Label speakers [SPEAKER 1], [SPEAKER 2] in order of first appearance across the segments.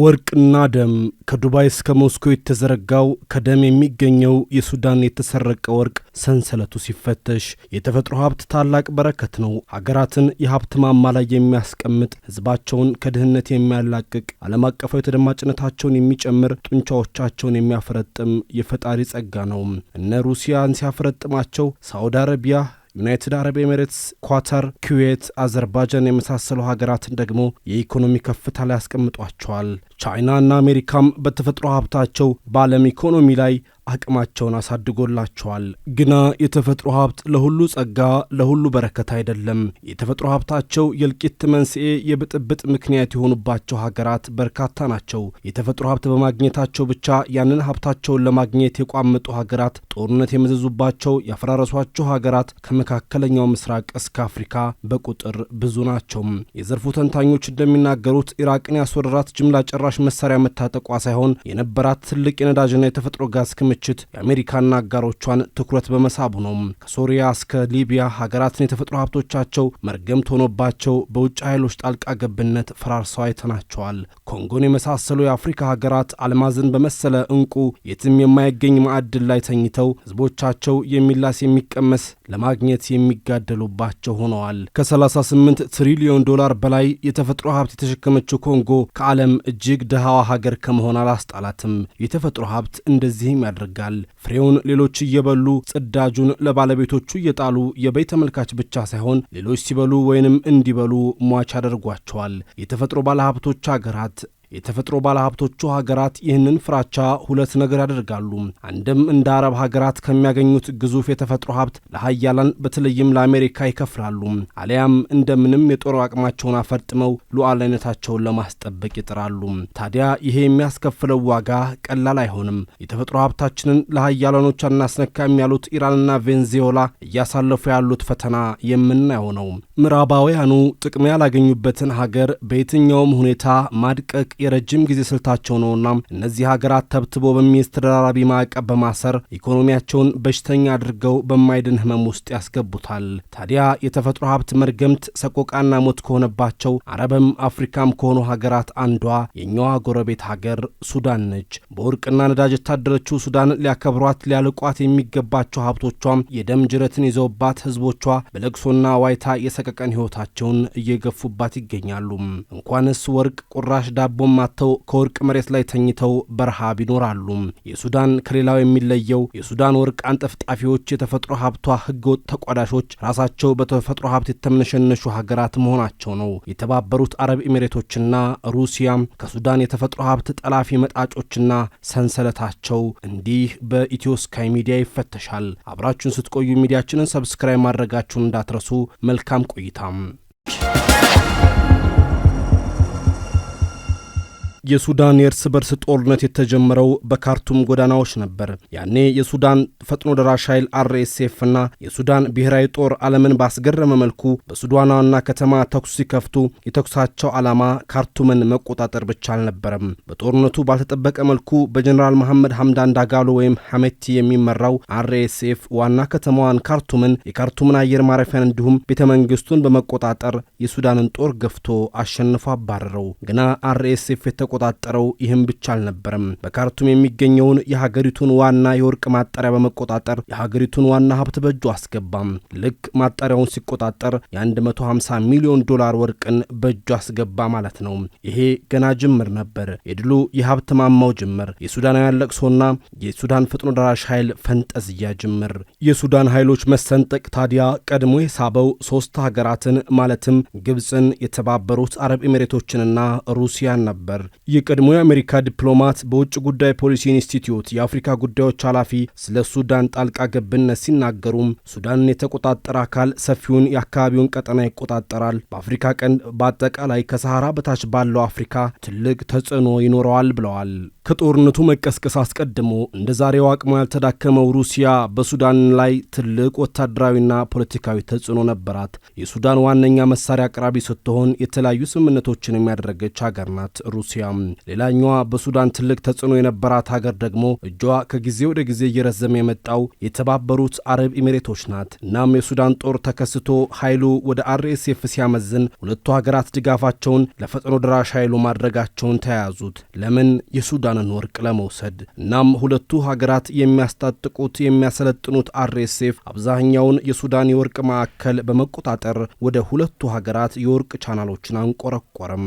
[SPEAKER 1] ወርቅና ደም ከዱባይ እስከ ሞስኮ የተዘረጋው ከደም የሚገኘው የሱዳን የተሰረቀ ወርቅ ሰንሰለቱ ሲፈተሽ የተፈጥሮ ሀብት ታላቅ በረከት ነው። ሀገራትን የሀብት ማማ ላይ የሚያስቀምጥ ሕዝባቸውን ከድህነት የሚያላቅቅ ዓለም አቀፋዊ ተደማጭነታቸውን የሚጨምር ጡንቻዎቻቸውን የሚያፈረጥም የፈጣሪ ጸጋ ነው። እነ ሩሲያን ሲያፈረጥማቸው ሳውዲ አረቢያ ዩናይትድ አረብ ኤምሬትስ፣ ኳታር፣ ኩዌት፣ አዘርባጃን የመሳሰሉ ሀገራትን ደግሞ የኢኮኖሚ ከፍታ ላይ ያስቀምጧቸዋል። ቻይና አሜሪካም በተፈጥሮ ሀብታቸው በዓለም ኢኮኖሚ ላይ አቅማቸውን አሳድጎላቸዋል። ግና የተፈጥሮ ሀብት ለሁሉ ጸጋ፣ ለሁሉ በረከት አይደለም። የተፈጥሮ ሀብታቸው የእልቂት መንስኤ፣ የብጥብጥ ምክንያት የሆኑባቸው ሀገራት በርካታ ናቸው። የተፈጥሮ ሀብት በማግኘታቸው ብቻ ያንን ሀብታቸውን ለማግኘት የቋመጡ ሀገራት፣ ጦርነት የመዘዙባቸው ያፈራረሷቸው ሀገራት ከመካከለኛው ምስራቅ እስከ አፍሪካ በቁጥር ብዙ ናቸው። የዘርፉ ተንታኞች እንደሚናገሩት ኢራቅን ያስወረራት ጅምላ ጨራሽ መሳሪያ መታጠቋ ሳይሆን የነበራት ትልቅ የነዳጅና የተፈጥሮ ጋዝ ክምችት የአሜሪካና አጋሮቿን ትኩረት በመሳቡ ነው። ከሶሪያ እስከ ሊቢያ ሀገራትን የተፈጥሮ ሀብቶቻቸው መርገምት ሆኖባቸው በውጭ ኃይሎች ጣልቃ ገብነት ፈራርሰው አይተናቸዋል። ኮንጎን የመሳሰሉ የአፍሪካ ሀገራት አልማዝን በመሰለ እንቁ የትም የማይገኝ ማዕድን ላይ ተኝተው ህዝቦቻቸው የሚላስ የሚቀመስ ለማግኘት የሚጋደሉባቸው ሆነዋል። ከ38 ትሪሊዮን ዶላር በላይ የተፈጥሮ ሀብት የተሸከመችው ኮንጎ ከዓለም እጅግ ድሃዋ ሀገር ከመሆን አላስጣላትም። የተፈጥሮ ሀብት እንደዚህም ያደርጋል። ፍሬውን ሌሎች እየበሉ ጽዳጁን ለባለቤቶቹ እየጣሉ የበይ ተመልካች ብቻ ሳይሆን ሌሎች ሲበሉ ወይንም እንዲበሉ ሟች ያደርጓቸዋል። የተፈጥሮ ባለሀብቶች ሀገራት የተፈጥሮ ባለሀብቶቹ ሀገራት ይህንን ፍራቻ ሁለት ነገር ያደርጋሉ። አንድም እንደ አረብ ሀገራት ከሚያገኙት ግዙፍ የተፈጥሮ ሀብት ለሀያላን በተለይም ለአሜሪካ ይከፍላሉ፣ አሊያም እንደምንም የጦር አቅማቸውን አፈርጥመው ሉዓላዊነታቸውን ለማስጠበቅ ይጥራሉ። ታዲያ ይሄ የሚያስከፍለው ዋጋ ቀላል አይሆንም። የተፈጥሮ ሀብታችንን ለሀያላኖች አናስነካም ያሉት ኢራንና ቬንዙዌላ እያሳለፉ ያሉት ፈተና የምናየው ነው። ምዕራባውያኑ ጥቅም ያላገኙበትን ሀገር በየትኛውም ሁኔታ ማድቀቅ የረጅም ጊዜ ስልታቸው ነውና እነዚህ ሀገራት ተብትቦ በሚስተደራራቢ ተደራራቢ ማዕቀብ በማሰር ኢኮኖሚያቸውን በሽተኛ አድርገው በማይድን ህመም ውስጥ ያስገቡታል። ታዲያ የተፈጥሮ ሀብት መርገምት፣ ሰቆቃና ሞት ከሆነባቸው አረብም አፍሪካም ከሆኑ ሀገራት አንዷ የኛዋ ጎረቤት ሀገር ሱዳን ነች። በወርቅና ነዳጅ የታደረችው ሱዳን ሊያከብሯት ሊያልቋት የሚገባቸው ሀብቶቿም የደም ጅረትን ይዘውባት ህዝቦቿ በለቅሶና ዋይታ የሰቀ ቀን ሕይወታቸውን እየገፉባት ይገኛሉ። እንኳንስ ወርቅ ቁራሽ ዳቦም አጥተው ከወርቅ መሬት ላይ ተኝተው በረሃብ ይኖራሉ። የሱዳን ከሌላው የሚለየው የሱዳን ወርቅ አንጠፍጣፊዎች የተፈጥሮ ሀብቷ ህገወጥ ተቋዳሾች ራሳቸው በተፈጥሮ ሀብት የተምነሸነሹ ሀገራት መሆናቸው ነው። የተባበሩት አረብ ኤሚሬቶችና ሩሲያ ከሱዳን የተፈጥሮ ሀብት ጠላፊ መጣጮችና ሰንሰለታቸው እንዲህ በኢትዮ ስካይ ሚዲያ ይፈተሻል። አብራችሁን ስትቆዩ ሚዲያችንን ሰብስክራይብ ማድረጋችሁን እንዳትረሱ። መልካም ቆይታም የሱዳን የእርስ በርስ ጦርነት የተጀመረው በካርቱም ጎዳናዎች ነበር። ያኔ የሱዳን ፈጥኖ ደራሽ ኃይል አርኤስኤፍ እና የሱዳን ብሔራዊ ጦር ዓለምን ባስገረመ መልኩ በሱዳን ዋና ከተማ ተኩስ ሲከፍቱ የተኩሳቸው ዓላማ ካርቱምን መቆጣጠር ብቻ አልነበረም። በጦርነቱ ባልተጠበቀ መልኩ በጀኔራል መሐመድ ሐምዳን ዳጋሎ ወይም ሐሜቲ የሚመራው አርኤስኤፍ ዋና ከተማዋን ካርቱምን፣ የካርቱምን አየር ማረፊያን እንዲሁም ቤተ መንግስቱን በመቆጣጠር የሱዳንን ጦር ገፍቶ አሸንፎ አባረረው። ገና አርኤስኤፍ የተቆጣጠረው ይህም ብቻ አልነበረም። በካርቱም የሚገኘውን የሀገሪቱን ዋና የወርቅ ማጣሪያ በመቆጣጠር የሀገሪቱን ዋና ሀብት በእጁ አስገባም። ልክ ማጣሪያውን ሲቆጣጠር የ150 ሚሊዮን ዶላር ወርቅን በእጁ አስገባ ማለት ነው። ይሄ ገና ጅምር ነበር። የድሉ የሀብት ማማው ጅምር፣ የሱዳናውያን ለቅሶና የሱዳን ፈጥኖ ደራሽ ኃይል ፈንጠዝያ ጅምር። የሱዳን ኃይሎች መሰንጠቅ ታዲያ ቀድሞ የሳበው ሶስት ሀገራትን ማለትም ግብፅን፣ የተባበሩት አረብ ኤሚሬቶችንና ሩሲያን ነበር። የቀድሞ የአሜሪካ ዲፕሎማት በውጭ ጉዳይ ፖሊሲ ኢንስቲትዩት የአፍሪካ ጉዳዮች ኃላፊ ስለ ሱዳን ጣልቃ ገብነት ሲናገሩም ሱዳንን የተቆጣጠረ አካል ሰፊውን የአካባቢውን ቀጠና ይቆጣጠራል፣ በአፍሪካ ቀንድ በአጠቃላይ ከሰሃራ በታች ባለው አፍሪካ ትልቅ ተጽዕኖ ይኖረዋል ብለዋል። ከጦርነቱ መቀስቀስ አስቀድሞ እንደ ዛሬው አቅሞ ያልተዳከመው ሩሲያ በሱዳን ላይ ትልቅ ወታደራዊና ፖለቲካዊ ተጽዕኖ ነበራት። የሱዳን ዋነኛ መሳሪያ አቅራቢ ስትሆን የተለያዩ ስምምነቶችን የሚያደረገች ሀገር ናት። ሩሲያ ሌላኛዋ በሱዳን ትልቅ ተጽዕኖ የነበራት ሀገር ደግሞ እጇ ከጊዜ ወደ ጊዜ እየረዘመ የመጣው የተባበሩት አረብ ኤሚሬቶች ናት። እናም የሱዳን ጦር ተከስቶ ኃይሉ ወደ አርኤስኤፍ ሲያመዝን ሁለቱ ሀገራት ድጋፋቸውን ለፈጥኖ ደራሽ ኃይሉ ማድረጋቸውን ተያያዙት። ለምን የሱዳን የሱዳንን ወርቅ ለመውሰድ። እናም ሁለቱ ሀገራት የሚያስታጥቁት የሚያሰለጥኑት አርኤስኤፍ አብዛኛውን የሱዳን የወርቅ ማዕከል በመቆጣጠር ወደ ሁለቱ ሀገራት የወርቅ ቻናሎችን አንቆረቆረም።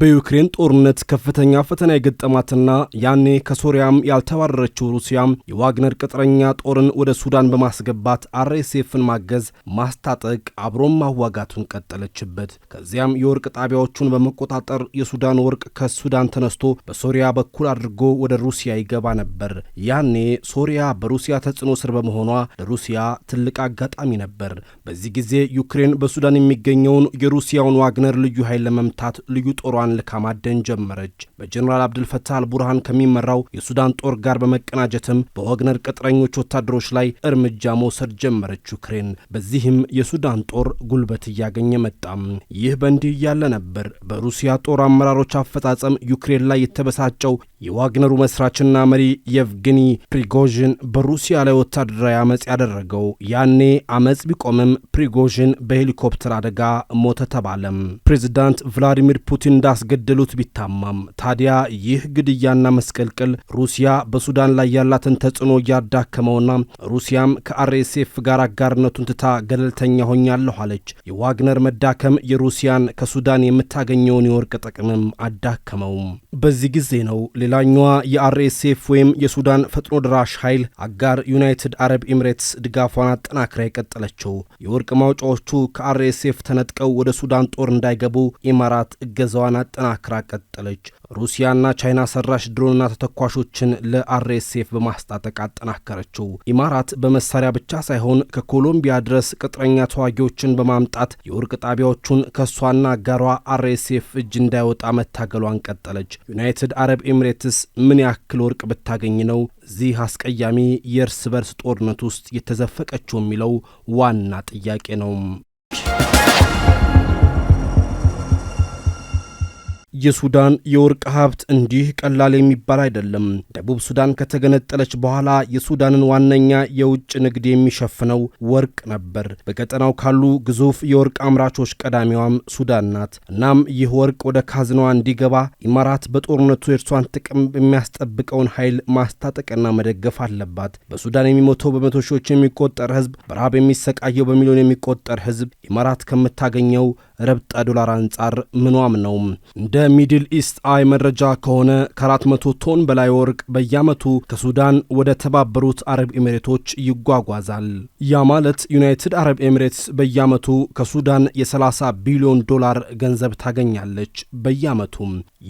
[SPEAKER 1] በዩክሬን ጦርነት ከፍተኛ ፈተና የገጠማትና ያኔ ከሶሪያም ያልተባረረችው ሩሲያ የዋግነር ቅጥረኛ ጦርን ወደ ሱዳን በማስገባት አርኤስኤፍን ማገዝ፣ ማስታጠቅ፣ አብሮም ማዋጋቱን ቀጠለችበት። ከዚያም የወርቅ ጣቢያዎቹን በመቆጣጠር የሱዳን ወርቅ ከሱዳን ተነስቶ በሶሪያ በኩል አድርጎ ወደ ሩሲያ ይገባ ነበር። ያኔ ሶሪያ በሩሲያ ተጽዕኖ ስር በመሆኗ ለሩሲያ ትልቅ አጋጣሚ ነበር። በዚህ ጊዜ ዩክሬን በሱዳን የሚገኘውን የሩሲያውን ዋግነር ልዩ ኃይል ለመምታት ልዩ ጦሯ ጦሯን ልካ ማደን ጀመረች። በጀኔራል አብድልፈታህ አልቡርሃን ከሚመራው የሱዳን ጦር ጋር በመቀናጀትም በወግነር ቅጥረኞች ወታደሮች ላይ እርምጃ መውሰድ ጀመረች ዩክሬን። በዚህም የሱዳን ጦር ጉልበት እያገኘ መጣም። ይህ በእንዲህ እያለ ነበር በሩሲያ ጦር አመራሮች አፈጻጸም ዩክሬን ላይ የተበሳጨው የዋግነሩ መስራችና መሪ የቭግኒ ፕሪጎዥን በሩሲያ ላይ ወታደራዊ አመፅ ያደረገው ያኔ አመፅ ቢቆምም ፕሪጎዥን በሄሊኮፕተር አደጋ ሞተ ተባለም። ፕሬዚዳንት ቭላዲሚር ፑቲን እንዳስገደሉት ቢታማም ታዲያ ይህ ግድያና መስቀልቅል ሩሲያ በሱዳን ላይ ያላትን ተጽዕኖ እያዳከመውና ሩሲያም ከአርኤስኤፍ ጋር አጋርነቱን ትታ ገለልተኛ ሆኛለሁ አለች። የዋግነር መዳከም የሩሲያን ከሱዳን የምታገኘውን የወርቅ ጥቅምም አዳከመውም። በዚህ ጊዜ ነው ሌላኛዋ የአርኤስኤፍ ወይም የሱዳን ፈጥኖ ድራሽ ኃይል አጋር ዩናይትድ አረብ ኤምሬትስ ድጋፏን አጠናክራ የቀጠለችው የወርቅ ማውጫዎቹ ከአርኤስኤፍ ተነጥቀው ወደ ሱዳን ጦር እንዳይገቡ ኢማራት እገዛዋን አጠናክራ ቀጠለች። ሩሲያና ቻይና ሰራሽ ድሮንና ተተኳሾችን ለአርኤስኤፍ በማስታጠቅ አጠናከረችው። ኢማራት በመሳሪያ ብቻ ሳይሆን ከኮሎምቢያ ድረስ ቅጥረኛ ተዋጊዎችን በማምጣት የወርቅ ጣቢያዎቹን ከእሷና አጋሯ አርኤስኤፍ እጅ እንዳይወጣ መታገሏን ቀጠለች። ዩናይትድ አረብ ኤምሬት ሴትስ ምን ያክል ወርቅ ብታገኝ ነው እዚህ አስቀያሚ የእርስ በርስ ጦርነት ውስጥ የተዘፈቀችው የሚለው ዋና ጥያቄ ነው። የሱዳን የወርቅ ሀብት እንዲህ ቀላል የሚባል አይደለም። ደቡብ ሱዳን ከተገነጠለች በኋላ የሱዳንን ዋነኛ የውጭ ንግድ የሚሸፍነው ወርቅ ነበር። በቀጠናው ካሉ ግዙፍ የወርቅ አምራቾች ቀዳሚዋም ሱዳን ናት። እናም ይህ ወርቅ ወደ ካዝናዋ እንዲገባ ኢማራት በጦርነቱ የእርሷን ጥቅም የሚያስጠብቀውን ኃይል ማስታጠቅና መደገፍ አለባት። በሱዳን የሚሞተው በመቶ ሺዎች የሚቆጠር ህዝብ፣ በረሃብ የሚሰቃየው በሚሊዮን የሚቆጠር ህዝብ ኢማራት ከምታገኘው ረብጣ ዶላር አንጻር ምኗም ነው። እንደ ሚድል ኢስት አይ መረጃ ከሆነ ከ400 ቶን በላይ ወርቅ በየዓመቱ ከሱዳን ወደ ተባበሩት አረብ ኤሚሬቶች ይጓጓዛል። ያ ማለት ዩናይትድ አረብ ኤሚሬትስ በየዓመቱ ከሱዳን የ30 ቢሊዮን ዶላር ገንዘብ ታገኛለች በየዓመቱ።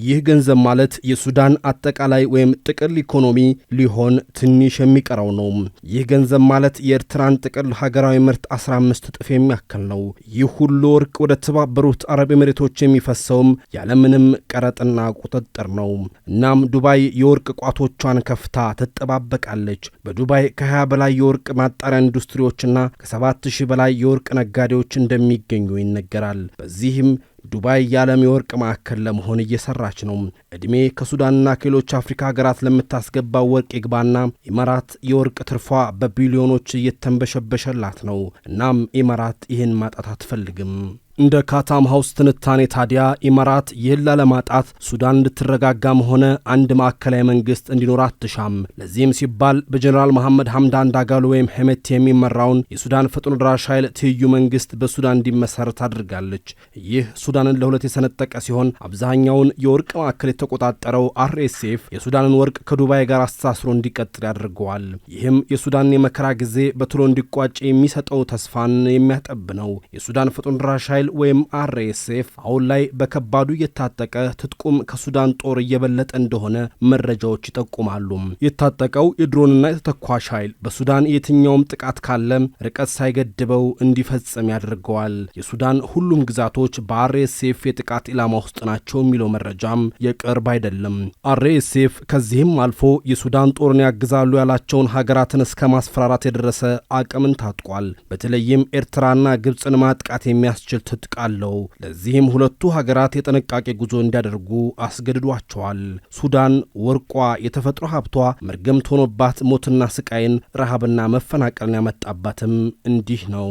[SPEAKER 1] ይህ ገንዘብ ማለት የሱዳን አጠቃላይ ወይም ጥቅል ኢኮኖሚ ሊሆን ትንሽ የሚቀረው ነው። ይህ ገንዘብ ማለት የኤርትራን ጥቅል ሀገራዊ ምርት 15 እጥፍ የሚያክል ነው። ይህ ሁሉ ወርቅ ወደ በተባበሩት አረብ ኤምሬቶች የሚፈሰውም ያለምንም ቀረጥና ቁጥጥር ነው። እናም ዱባይ የወርቅ ቋቶቿን ከፍታ ትጠባበቃለች። በዱባይ ከ20 በላይ የወርቅ ማጣሪያ ኢንዱስትሪዎችና ከ7000 በላይ የወርቅ ነጋዴዎች እንደሚገኙ ይነገራል። በዚህም ዱባይ የዓለም የወርቅ ማዕከል ለመሆን እየሰራች ነው። ዕድሜ ከሱዳንና ከሌሎች አፍሪካ ሀገራት ለምታስገባው ወርቅ ይግባና ኢማራት የወርቅ ትርፏ በቢሊዮኖች እየተንበሸበሸላት ነው። እናም ኢማራት ይህን ማጣት አትፈልግም። እንደ ካታም ሀውስ ትንታኔ ታዲያ ኢማራት ይህን ላለማጣት ሱዳን እንድትረጋጋም ሆነ አንድ ማዕከላዊ መንግስት እንዲኖር አትሻም። ለዚህም ሲባል በጀኔራል መሐመድ ሐምዳን ዳጋሎ ወይም ሄሜቲ የሚመራውን የሱዳን ፈጥኖ ደራሽ ኃይል ትይዩ መንግስት በሱዳን እንዲመሰረት አድርጋለች። ይህ ሱዳንን ለሁለት የሰነጠቀ ሲሆን አብዛኛውን የወርቅ ማዕከል የተቆጣጠረው አርኤስኤፍ የሱዳንን ወርቅ ከዱባይ ጋር አስተሳስሮ እንዲቀጥል ያደርገዋል። ይህም የሱዳንን የመከራ ጊዜ በቶሎ እንዲቋጭ የሚሰጠው ተስፋን የሚያጠብ ነው። የሱዳን ፈጥኖ ደራሽ ኃይል ወይም አርኤስኤፍ አሁን ላይ በከባዱ የታጠቀ ትጥቁም ከሱዳን ጦር እየበለጠ እንደሆነ መረጃዎች ይጠቁማሉ። የታጠቀው የድሮንና የተተኳሽ ኃይል በሱዳን የትኛውም ጥቃት ካለ ርቀት ሳይገድበው እንዲፈጸም ያደርገዋል። የሱዳን ሁሉም ግዛቶች በአርኤስኤፍ የጥቃት ኢላማ ውስጥ ናቸው የሚለው መረጃም የቅርብ አይደለም። አርኤስኤፍ ከዚህም አልፎ የሱዳን ጦርን ያግዛሉ ያላቸውን ሀገራትን እስከ ማስፈራራት የደረሰ አቅምን ታጥቋል። በተለይም ኤርትራና ግብፅን ማጥቃት የሚያስችል ቃለው ለዚህም ሁለቱ ሀገራት የጥንቃቄ ጉዞ እንዲያደርጉ አስገድዷቸዋል። ሱዳን ወርቋ፣ የተፈጥሮ ሀብቷ መርገምት ሆኖባት ሞትና ስቃይን፣ ረሃብና መፈናቀልን ያመጣባትም እንዲህ ነው።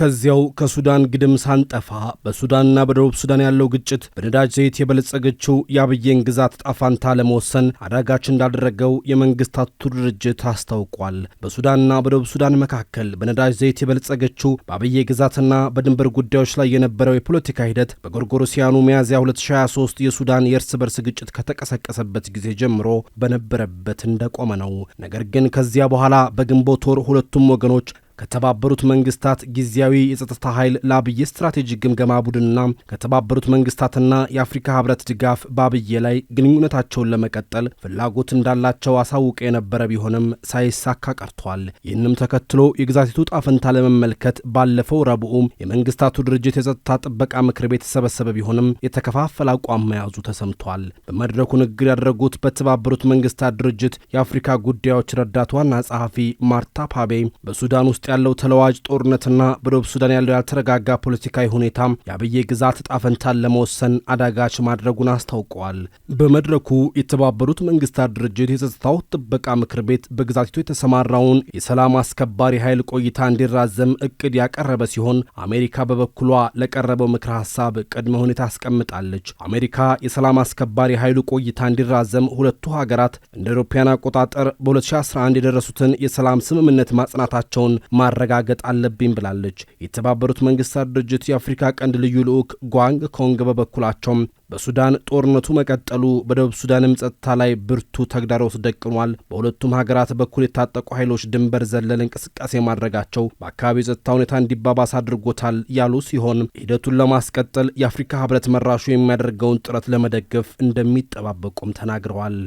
[SPEAKER 2] ከዚያው ከሱዳን ግድም ሳንጠፋ በሱዳንና በደቡብ ሱዳን ያለው ግጭት በነዳጅ ዘይት የበለጸገችው የአብዬን ግዛት ጣፋንታ ለመወሰን አዳጋች እንዳደረገው የመንግስታቱ ድርጅት አስታውቋል። በሱዳንና በደቡብ ሱዳን መካከል በነዳጅ ዘይት የበለጸገችው በአብዬ ግዛትና በድንበር ጉዳዮች ላይ የነበረው የፖለቲካ ሂደት በጎርጎሮሲያኑ ሚያዝያ 2023 የሱዳን የእርስ በርስ ግጭት ከተቀሰቀሰበት ጊዜ ጀምሮ በነበረበት እንደቆመ ነው። ነገር ግን ከዚያ በኋላ በግንቦት ወር ሁለቱም ወገኖች ከተባበሩት መንግስታት ጊዜያዊ የጸጥታ ኃይል ለአብይ ስትራቴጂ ግምገማ ቡድንና ከተባበሩት መንግስታትና የአፍሪካ ህብረት ድጋፍ በአብይ ላይ ግንኙነታቸውን ለመቀጠል ፍላጎት እንዳላቸው አሳውቀ የነበረ ቢሆንም ሳይሳካ ቀርቷል። ይህንም ተከትሎ የግዛቲቱ ጣፍንታ ለመመልከት ባለፈው ረቡዑም የመንግስታቱ ድርጅት የጸጥታ ጥበቃ ምክር ቤት የተሰበሰበ ቢሆንም የተከፋፈለ አቋም መያዙ ተሰምቷል። በመድረኩ ንግግር ያደረጉት በተባበሩት መንግስታት ድርጅት የአፍሪካ ጉዳዮች ረዳት ዋና ጸሐፊ ማርታ ፓቤ በሱዳን ውስጥ ያለው ተለዋጅ ጦርነትና በደቡብ ሱዳን ያለው ያልተረጋጋ ፖለቲካዊ ሁኔታም የአብዬ ግዛት እጣ ፈንታን ለመወሰን አዳጋች ማድረጉን አስታውቀዋል። በመድረኩ የተባበሩት መንግስታት ድርጅት የጸጥታው ጥበቃ ምክር ቤት በግዛቲቱ የተሰማራውን የሰላም አስከባሪ ኃይል ቆይታ እንዲራዘም እቅድ ያቀረበ ሲሆን አሜሪካ በበኩሏ ለቀረበው ምክር ሀሳብ ቅድመ ሁኔታ አስቀምጣለች። አሜሪካ የሰላም አስከባሪ ኃይሉ ቆይታ እንዲራዘም ሁለቱ ሀገራት እንደ አውሮፓውያን አቆጣጠር በ2011 የደረሱትን የሰላም ስምምነት ማጽናታቸውን ማረጋገጥ አለብኝ ብላለች። የተባበሩት መንግስታት ድርጅት የአፍሪካ ቀንድ ልዩ ልዑክ ጓንግ ኮንግ በበኩላቸውም በሱዳን ጦርነቱ መቀጠሉ በደቡብ ሱዳንም ጸጥታ ላይ ብርቱ ተግዳሮት ደቅኗል። በሁለቱም ሀገራት በኩል የታጠቁ ኃይሎች ድንበር ዘለል እንቅስቃሴ ማድረጋቸው በአካባቢው የጸጥታ ሁኔታ እንዲባባስ አድርጎታል ያሉ ሲሆን ሂደቱን ለማስቀጠል የአፍሪካ ህብረት መራሹ የሚያደርገውን ጥረት ለመደገፍ እንደሚጠባበቁም ተናግረዋል።